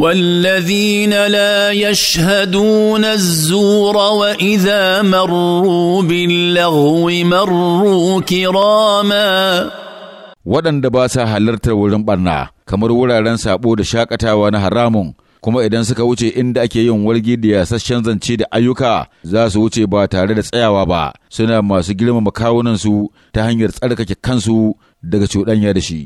والذين لا يشهدون الزور واذا مروا باللغو مروا كراما waɗanda ba sa halartar wurin ɓarna kamar wuraren saɓo da shakatawa na haramun kuma idan suka wuce inda ake yin wargi da yasasshen zance da ayyuka za su wuce ba tare da tsayawa ba suna masu girmama kawunansu ta hanyar tsarkake kansu daga cuɗanya da shi